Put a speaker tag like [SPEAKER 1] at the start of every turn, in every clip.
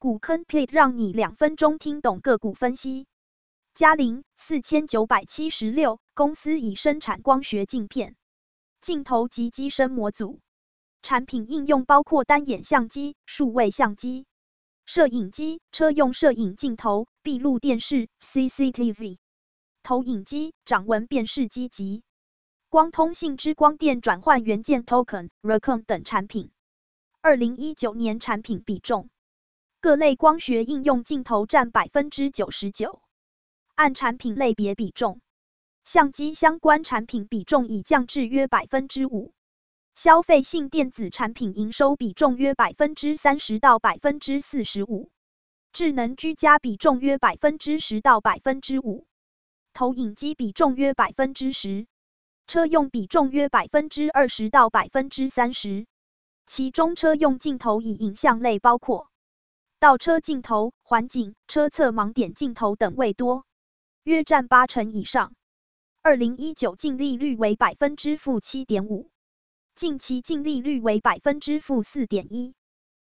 [SPEAKER 1] 古坑 e n p a t e 讓你兩分鐘聽懂個股分析。嘉陵四千九百七十六公司已生產光學鏡片、鏡頭及機身模組，產品應用包括單眼相機、數位相機、攝影機、車用攝影鏡頭、閉路電視 （CCTV）、投影機、掌紋電視機及光通信之光電轉換元件 （Token、r e c o m 等產品。二零一九年產品比重。各類光學應用鏡頭占百分之九十九。按產品類別比重，相機相關產品比重已降至約百分之五。消費性電子產品營收比重約百分之三十到百分之四十五。智能居家比重約百分之十到百分之五。投影機比重約百分之十。車用比重約百分之二十到百分之三十。其中車用鏡頭以影像類包括。倒車鏡頭、環景、車側盲點鏡頭等位多，約占八成以上。二零一九淨利率為百分之負七點五，近期淨利率為百分之負四點一，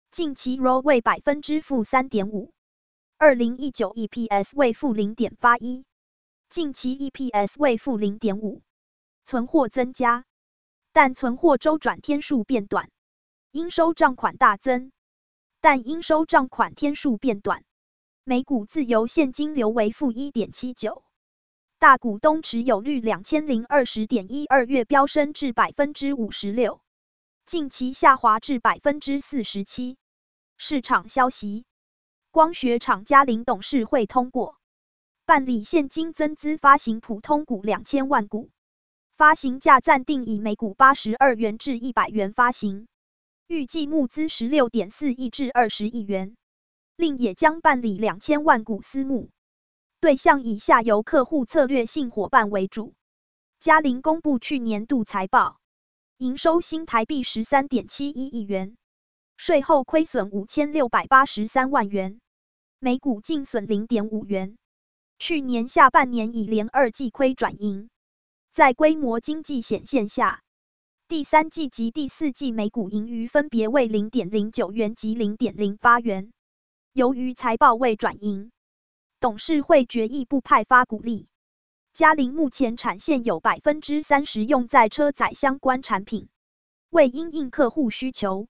[SPEAKER 1] 近期 ROE 為百分之負三點五。二零一九 EPS 為負零點八一，近期 EPS 為負零點五。存貨增加，但存貨週轉天數變短，應收賬款大增。但應收賬款天數變短，每股自由現金流為負1.79，大股東持有率2020.12月飆升至56%，近期下滑至47%。市場消息：光學廠佳凌董事會通過辦理現金增資發行普通股2000萬股，發行價暫定以每股82元至100元發行。預計募資十六點四億至二十億元，另也將辦理兩千萬股私募，對象以下游客戶策略性夥伴為主。佳凌公布去年度財報，營收新台幣十三點七一億元，稅後虧損五千六百八十三萬元，每股淨損零點五元。去年下半年已連二季虧轉盈，在規模經濟顯現下。第三季及第四季每股盈餘分別為零點零九元及零點零八元。由於財報未轉盈，董事會決議不派發股利。佳凌目前產線有百分之三十用在車載相關產品，為因應客戶需求，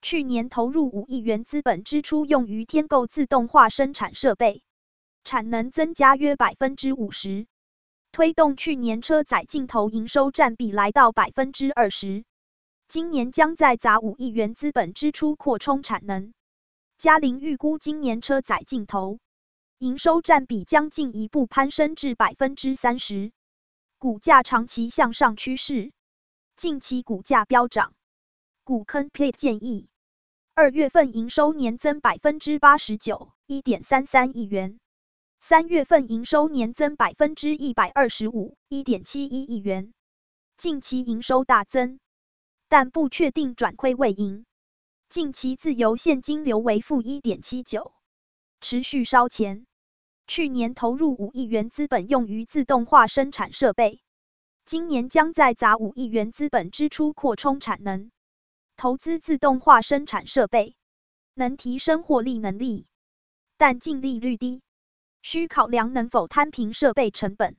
[SPEAKER 1] 去年投入五億元資本支出用於添購自動化生產設備，產能增加約百分之五十。推動去年車載鏡頭營收佔比來到百分之二十，今年將再砸五億元資本支出擴充產能。佳凌預估今年車載鏡頭營收佔比將進一步攀升至百分之三十，股價長期向上趨勢，近期股價飆漲。股坑 p e t e 建議，二月份營收年增百分之八十九，一點三三億元。三月份營收年增百分之一百二十五，一點七一億元。近期營收大增，但不確定轉虧為盈。近期自由現金流為負一點七九，持續燒錢。去年投入五億元資本用於自動化生產設備，今年將再砸五億元資本支出擴充產能，投資自動化生產設備能提升獲利能力，但淨利率低。需考量能否攤平設備成本。